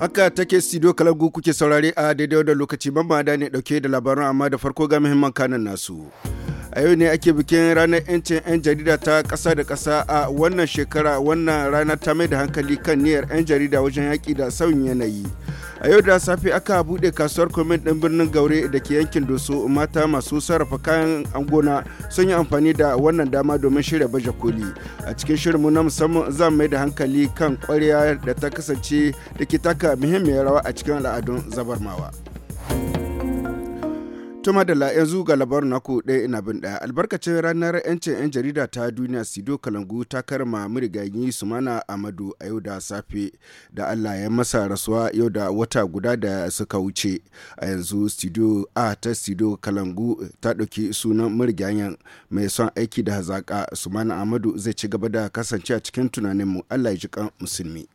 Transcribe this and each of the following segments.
Haka take studio kalangu kuke saurare a daidai da lokaci mamada ne dauke da labaran amma da farko ga muhimman kanan nasu. a yau ne ake bikin ranar 'yancin 'yan jarida ta kasa da kasa a wannan shekara wannan rana ta mai da hankali kan niyyar 'yan jarida wajen yaƙi da sauyin yanayi a yau da safe aka buɗe kasuwar komin ɗin birnin gaure da ke yankin doso mata masu sarrafa kayan angona sun yi amfani da wannan dama domin shirya baje koli a cikin shirinmu na musamman za mai da hankali kan kwarya da ta kasance da ke taka muhimmiyar rawa a cikin al'adun zabarmawa. Tuma da yanzu ga labarin naku ɗaya ina bin ɗaya albarkacin ranar 'yancin 'yan jarida ta duniya Sido Kalangu ta karma marigayi Sumana Amadu a yau da safe da Allah ya masa rasuwa yau da wata guda da suka wuce. A yanzu Sido A ta Sido Kalangu ta ɗauki sunan marigayen mai son aiki da hazaƙa Sumana Amadu zai ci gaba da kasance a cikin tunaninmu Allah ya ji musulmi.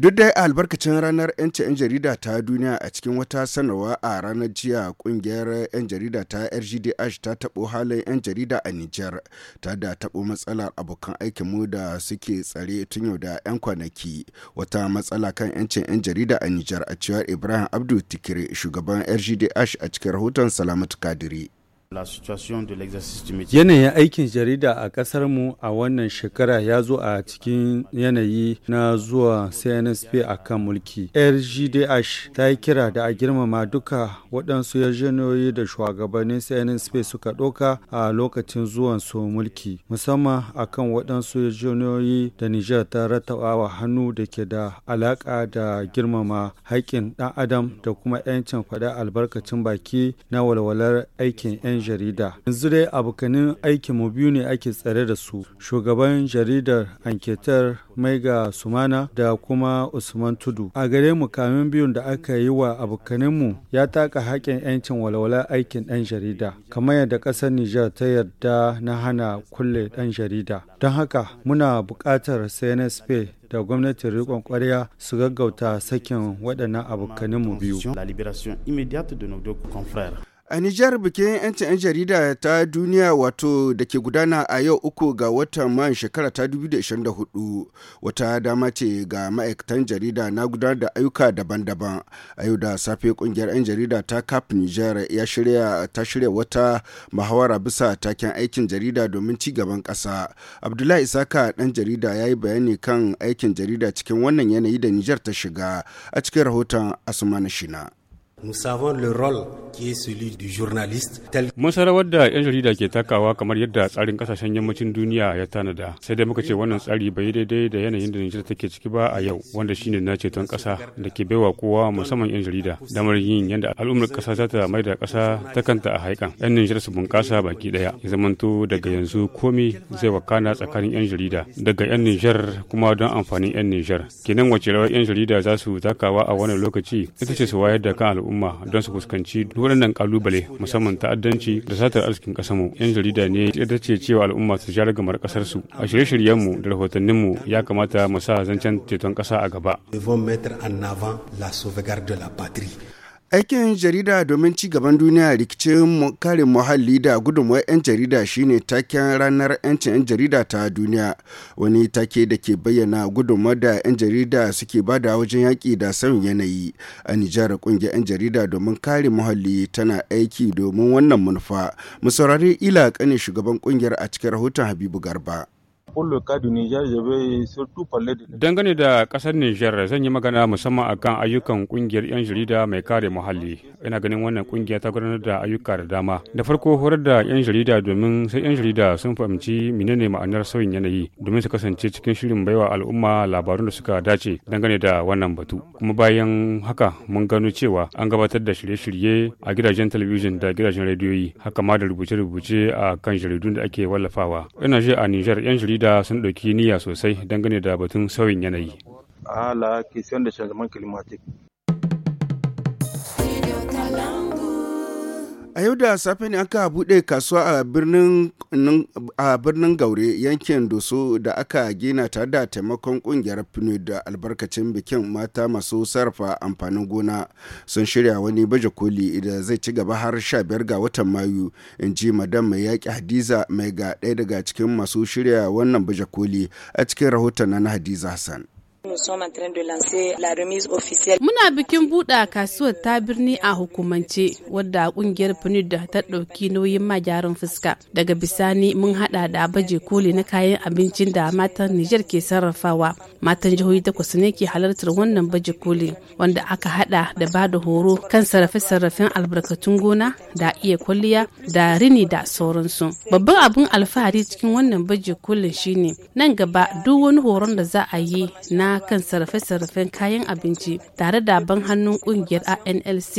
Duk dai albarkacin ranar 'yancin 'yan jarida ta duniya a cikin wata sanarwa a ranar jiya kungiyar 'yan jarida ta RGDH ta taɓo halin 'yan jarida a Nijar ta da taɓo matsalar abokan aikinmu da suke tsare tun yau da 'yan kwanaki. Wata matsala kan 'yancin 'yan jarida a Nijar a cewar Ibrahim Abdul Tikire shugaban RGDH a cikin rahoton Salamatu Kadiri. Yanayin aikin jarida a ƙasar mu a wannan shekara ya zo a cikin yanayi na zuwa CNSP a kan mulki. RGDH ta yi kira da a girmama duka waɗansu yarjejeniyoyi da shugabannin CNSP suka ɗauka a lokacin zuwan su mulki, musamman a kan waɗansu yarjejeniyoyi da Nijar ta ratawa hannu da ke da alaƙa da girmama haƙƙin ɗan adam da kuma 'yancin faɗa albarkacin baki na walwalar aikin 'yan 'yan jarida yanzu dai abokanin aikinmu biyu ne ake tsare da su shugaban jaridar anketar maiga sumana da kuma usman tudu a gare mu kamin biyun da aka yi wa abokaninmu ya taka haƙƙin 'yancin walwalar aikin ɗan jarida kamar yadda ƙasar nijar ta yarda na hana kulle ɗan jarida don haka muna buƙatar cnsp da gwamnatin riƙon ƙwarya su gaggauta sakin waɗannan abokaninmu biyu A Nijar bikin 'yancin 'yan jarida ta duniya wato da ke gudana a yau uku ga watan man shekara ta 2024 wata dama ce ga ma'aikatan jarida na gudanar da ayyuka daban-daban. A yau da safe kungiyar 'yan jarida ta CAP Nijar ya shirya ta shirya wata muhawara bisa taken aikin jarida domin ci gaban ƙasa. Abdullahi Isaka ɗan jarida ya yi bayani kan aikin jarida cikin wannan yanayi da Nijar ta shiga a cikin rahoton Asuma Shina. Nous savons le rôle qui est da 'yan jarida ke takawa kamar yadda tsarin kasashen yammacin duniya ya tanada. Sai dai muka ce wannan tsari bai daidai da yanayin da Nijar take ciki ba a yau, wanda shine na ceton kasa da ke baiwa kowa musamman 'yan jarida damar yin yadda al'ummar kasa za ta maida kasa ta kanta a haikan. 'Yan Nijar su bunƙasa baki ɗaya. Ya zamanto daga yanzu komi zai wakana tsakanin 'yan jarida daga 'yan Nijar kuma don amfanin 'yan Nijar. Kenan wace rawar 'yan jarida za su takawa a wannan lokaci ita ce su wayar da kan al'umma al'umma don su fuskanci duk waɗannan kalubale musamman ta'addanci da satar arzikin mu yan jarida ne ita ce cewa al'umma su sha gamar ƙasar su a shirye shiryen mu da mu ya kamata mu sa zancen ceton ƙasa a gaba. Aikin jarida domin ci gaban duniya rikicin kare muhalli da gudunmuwar 'yan jarida shine taken ranar 'yancin 'yan jarida ta duniya wani take da ke bayyana gudunmuwar da 'yan jarida suke bada wajen yaƙi da sauyin yanayi a nijar ƙungiyar 'yan jarida domin kare muhalli tana aiki domin wannan manufa mu saurari ila ƙane shugaban ƙungiyar a cikin rahoton habibu garba Dangane da kasar Nijar zan yi magana musamman akan ayyukan ƙungiyar 'yan jarida mai kare muhalli. Ina ganin wannan kungiya ta gudanar da ayyuka da dama. Da farko horar da 'yan jarida domin sai 'yan jarida sun fahimci menene ma'anar sauyin yanayi domin su kasance cikin shirin baiwa al'umma labarun da suka dace dangane da wannan batu. Kuma bayan haka mun gano cewa an gabatar da shirye-shirye a gidajen talabijin da gidajen rediyoyi haka ma da rubuce-rubuce a kan jaridun da ake wallafawa. Ina je a Nijar 'yan jarida afirka sun ɗauki niyya sosai dangane da batun sauyin yanayi. a la question de changement kilimatik A yau da safe ne aka bude kasuwa a birnin Gaure yankin Doso da aka gina tare da taimakon kungiyar fino da albarkacin bikin mata masu sarrafa amfanin gona sun shirya wani baje koli da zai ci gaba har sha biyar ga watan Mayu in ji madam mai yaƙi Hadiza mai ga ɗaya daga cikin masu shirya wannan baje koli a cikin rahoton na Hadiza Hassan. Muna bikin buɗa kasuwar ta birni a hukumance wadda kungiyar PNUD da ta ɗauki nauyin ma gyaran fuska. Daga bisani mun haɗa da baje koli na kayan abincin da matan Nijar ke sarrafawa. Matan jihohi takwas ne ke halartar wannan baje koli wanda aka haɗa da ba da horo kan sarrafe-sarrafen albarkatun gona da iya kwalliya da rini da sauransu. Babban abin alfahari cikin wannan baje kolin shine nan gaba duk wani horon da za a yi na kan sarrafe-sarrafen kayan abinci tare da ban hannun kungiyar anlc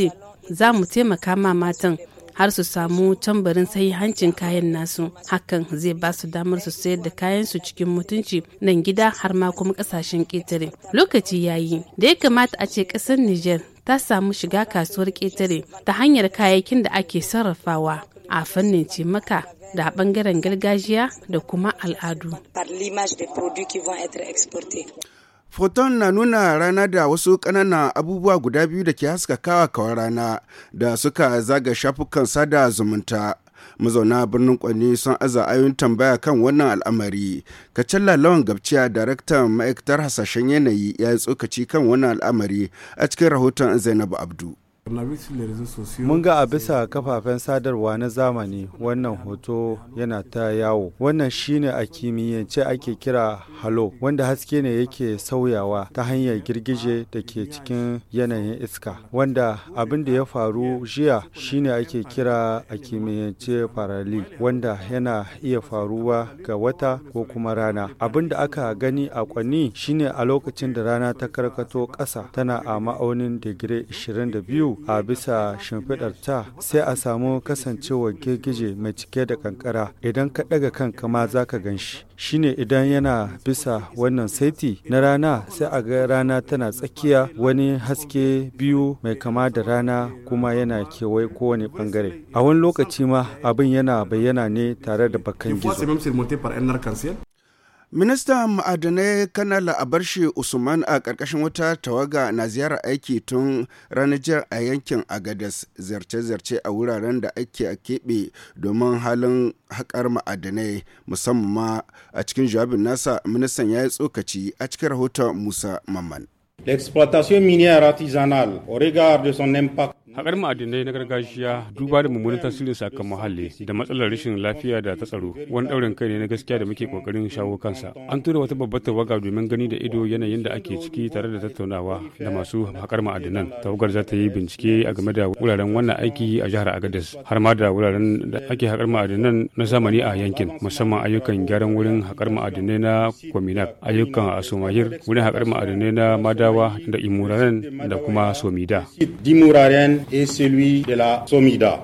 za mu taimaka ma matan har su samu tambarin hancin kayan nasu hakan zai ba su damar su sayar da kayan su cikin mutunci nan gida har ma kuma kasashen ƙetare lokaci yayi da ya kamata a ce ƙasar niger ta samu shiga kasuwar ƙetare ta hanyar kayayyakin da ake sarrafawa a fannin cimaka da bangaren gargajiya da kuma al'adu. Foton na nuna rana da wasu ƙananan abubuwa guda biyu da ke haskakawa kawar rana da suka zaga shafukan sada zumunta. Mazauna birnin Kwani sun aza ayoyin tambaya kan wannan al'amari. Kacalla Lawan Gabciya, daraktan ma'aikatar hasashen yanayi ya yi tsokaci kan wannan al'amari a cikin rahoton Zainabu Abdu. Mun ga a bisa kafafen sadarwa na zamani wannan hoto yana ta yawo. Wannan shine a kimiyyance ake kira halo wanda haske ne yake sauyawa ta hanyar girgije da ke cikin yanayin iska. Wanda abin da ya faru jiya shine ake kira a kimiyyance farali wanda yana iya faruwa ga wata ko kuma rana. Abin da aka gani a kwanni shine a lokacin da rana ta karkato ƙasa tana a ma'aunin digiri 22 a bisa shimfiɗar ta sai a samu kasancewar girgije mai cike da kankara idan ka ɗaga kanka ma za ka gan shi shine idan yana bisa wannan saiti na rana sai a ga rana tana tsakiya wani haske biyu mai kama da rana kuma yana kewaye kowane bangare a wani lokaci ma abin yana bayyana ne tare da bakan gizo Ministan ma'adanai Kanal abarshi Usman a ƙarƙashin wata tawaga na ziyarar aiki tun ranar a yankin Agadas zarce-zarce a wuraren da ake a keɓe domin halin haƙar ma'adanai musamman ma. a cikin jawabin nasa ministan ya yi tsokaci a cikin rahoton Musa Mamman. L'exploitation minière artisanale au regard de son impact haƙar ma'adinai na gargajiya duba da mummunan tasirin sakan muhalli da matsalar rashin lafiya da ta tsaro wani ɗaurin kai ne na gaskiya da muke ƙoƙarin shawo kansa an tura wata babbar tawaga domin gani da ido yanayin da ake ciki tare da tattaunawa da masu haƙar ma'adinan tawagar za ta yi bincike a game da wuraren wannan aiki a jihar agadez har ma da wuraren da ake haƙar ma'adinan na zamani a yankin musamman ayyukan gyaran wurin haƙar ma'adinai na kominak ayyukan a somayir wurin haƙar ma'adinai na madawa da imuraren da kuma somida dimuraren et celui de la Somida.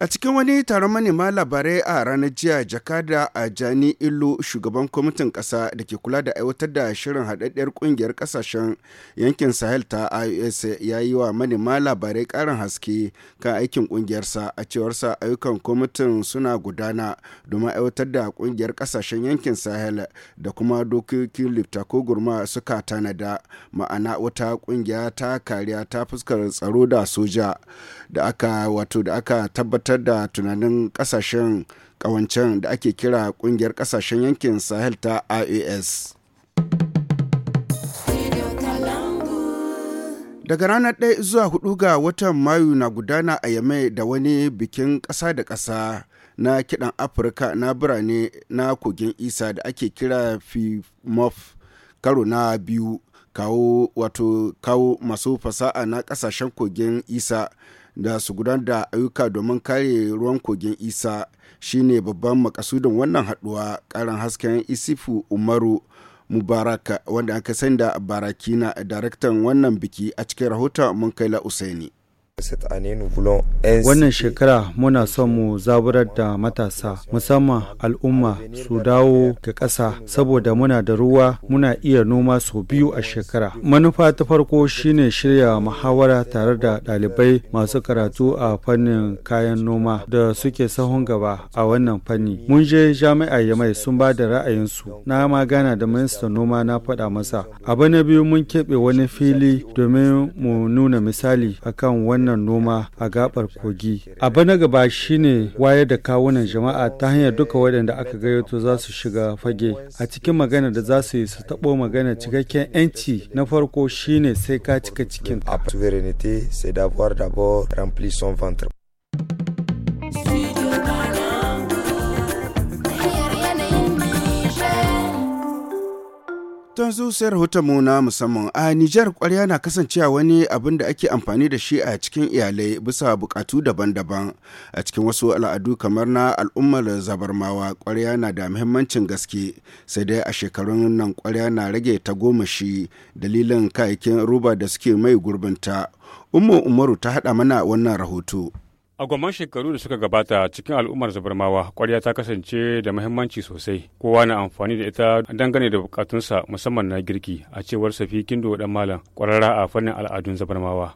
A cikin wani taron manema labarai a ranar jiya jakada a Jani Ilu shugaban kwamitin ƙasa da ke kula da aiwatar da shirin haɗaɗɗiyar ƙungiyar kasashen yankin Sahel ta IOS ya yi wa manema labarai ƙarin haske kan aikin ƙungiyarsa a cewarsa ayyukan kwamitin suna gudana domin aiwatar da ƙungiyar ƙasashen yankin Sahel da kuma dokokin lifta ko gurma suka tanada ma'ana wata ƙungiya ta kariya ta fuskar tsaro da soja da aka wato da aka tabbatar fitar da tunanin kasashen kawancen da ake kira kungiyar kasashen yankin sahel ta ias daga ranar ɗaya zuwa 4 ga watan mayu na gudana a yamai da wani bikin ƙasa da ƙasa na kiɗan afirka na birane na kogin isa da ake kira fimof karo na biyu kawo wato kawo masu fasa'a na ƙasashen kogin isa da su gudanar da ayyuka domin kare ruwan kogin isa shine babban makasudin wannan haduwa karin hasken isifu umaru mubaraka wanda aka sani da barakina daraktan wannan biki a cikin rahoton mun kai la usaini Wannan shekara muna son mu zaburar da matasa musamman al'umma su dawo ga ƙasa saboda muna da ruwa muna iya noma sau biyu a shekara. Manufa ta farko shine shirya muhawara tare da ɗalibai masu karatu a fannin kayan noma da suke sahun gaba a wannan fanni. Mun je jami'a Yamai sun ba da ra'ayinsu na magana da ministan noma na faɗa masa. Abu na biyu mun keɓe wani fili domin mu nuna misali akan wani wannan noma a gabar kogi abu na gaba shine wayar da kawunan jama'a ta hanyar duka waɗanda aka gayyato za su shiga fage a cikin magana da za su yi su taɓo magana cikakken 'yanci na farko shine sai ka cika cikin Don zuciyar mu na musamman a Nijar kwarya na kasancewa wani abin da ake amfani da shi a cikin iyalai bisa bukatu daban-daban. A cikin wasu al'adu kamar na al'ummar zabarmawa kwarya na da muhimmancin gaske sai dai a shekarun nan kwarya na rage ta goma shi dalilin kayayyakin roba da suke mai gurbinta. Umma Umaru ta haɗa mana wannan rahoto. A gwamman shekaru da suka gabata cikin al'ummar zabarmawa kwarya ta kasance da mahimmanci sosai kowa na amfani da ita dangane da bukatunsa musamman na girki a cewar Safi Kindo dan Malam ƙwararra a fannin al'adun zabarmawa.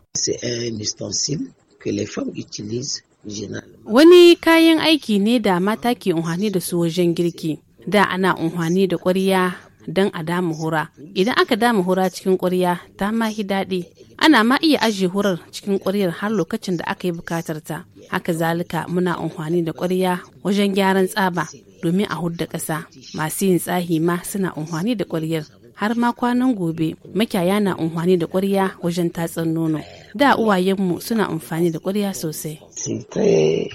Wani kayan aiki ne da mata ke unhani da su wajen girki da ana unhani da kwarya don a damu hura idan aka damu hura cikin kwarya ta mahi daɗi ana ma iya ajiye hurar cikin ƙwariyar har lokacin da aka yi bukatar ta haka zalika muna amfani da ƙwarya wajen gyaran tsaba domin a hudda ƙasa masu yin tsahi ma suna amfani da ƙwaryar har ma kwanan gobe makiyaya na amfani da ƙwarya wajen tatsar nono da uwayenmu suna amfani da ƙwarya sosai eh,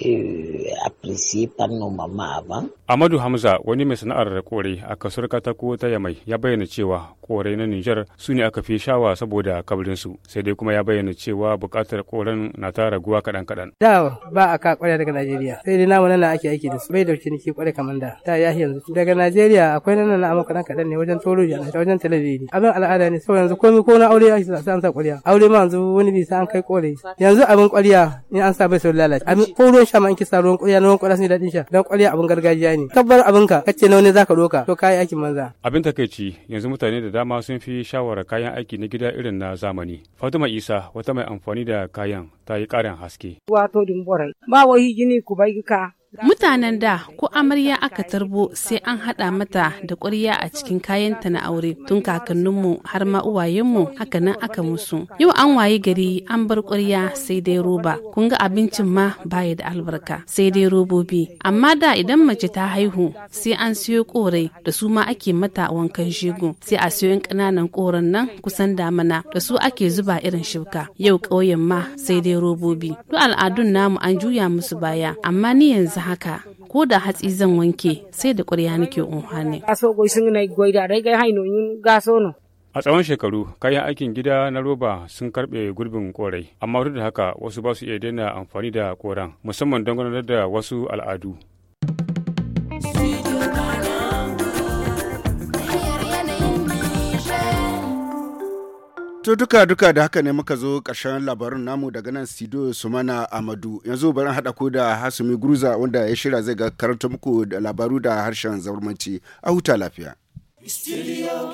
Amadu Hamza wani mai sana'ar da kore a kasar katako ta Yamai ya bayyana cewa kore na Nijar su ne aka fi shawa saboda kabrinsu sai dai kuma ya bayyana cewa bukatar koren na ta raguwa kaɗan kaɗan. Da ba a ka kwarya daga Najeriya sai dai namu nan ake aiki da su bai dauki niki kware kamar da ta yahi yanzu daga Najeriya akwai nan na amma kaɗan kaɗan ne wajen toroji jana wajen talabijin abin al'ada ne saboda yanzu komai ko na aure ake sa an sa kwarya aure ma yanzu wani bisa sai an kai kore yanzu abin kwarya in an sa bai sai lalace abin ko ruwan sha ma in kisa ruwan kwarya ruwan kwarya sun daɗin sha dan kwarya abin gargajiya ne tabbar abin ka kace nawa ne zaka doka to kai aikin manza abin takeici yanzu mutane da dama sun fi shawara kayan aiki na gida irin na zamani Fatima Isa wata mai amfani da kayan ta yi ƙarin haske wato dimborai ba wai gini ku bai ka Mutanen da ko amarya aka tarbo sai an haɗa mata da ƙwarya a cikin kayanta na aure tun kakanninmu har ma uwayenmu haka nan aka musu. Yau an waye gari an bar ƙwarya sai dai roba. Kun ga abincin ma baya da albarka sai dai robobi. Amma da idan mace ta haihu sai an siyo ƙorai da su ma ake mata wankan shego sai a siyo ƙananan ƙoran nan kusan damana da su ake zuba irin shibka. Yau ƙauyen ma sai dai robobi. Duk al'adun namu an juya musu baya amma ni yanzu haka ko da hatsi zan wanke sai da ƙwarya nake unhane. A tsawon shekaru, kayan aikin gida na roba sun karɓe gurbin korai, amma duk da haka wasu ba su iya daina amfani da koran, musamman don gudanar da wasu al'adu. To duka duka da haka ne muka zo ƙarshen labarin namu daga nan Sido Sumana Amadu. Yanzu bari haɗa ko da Hasumi Guruza wanda ya shirya zai ga karanta muku da labaru da harshen zaurmanci. A huta lafiya. Studio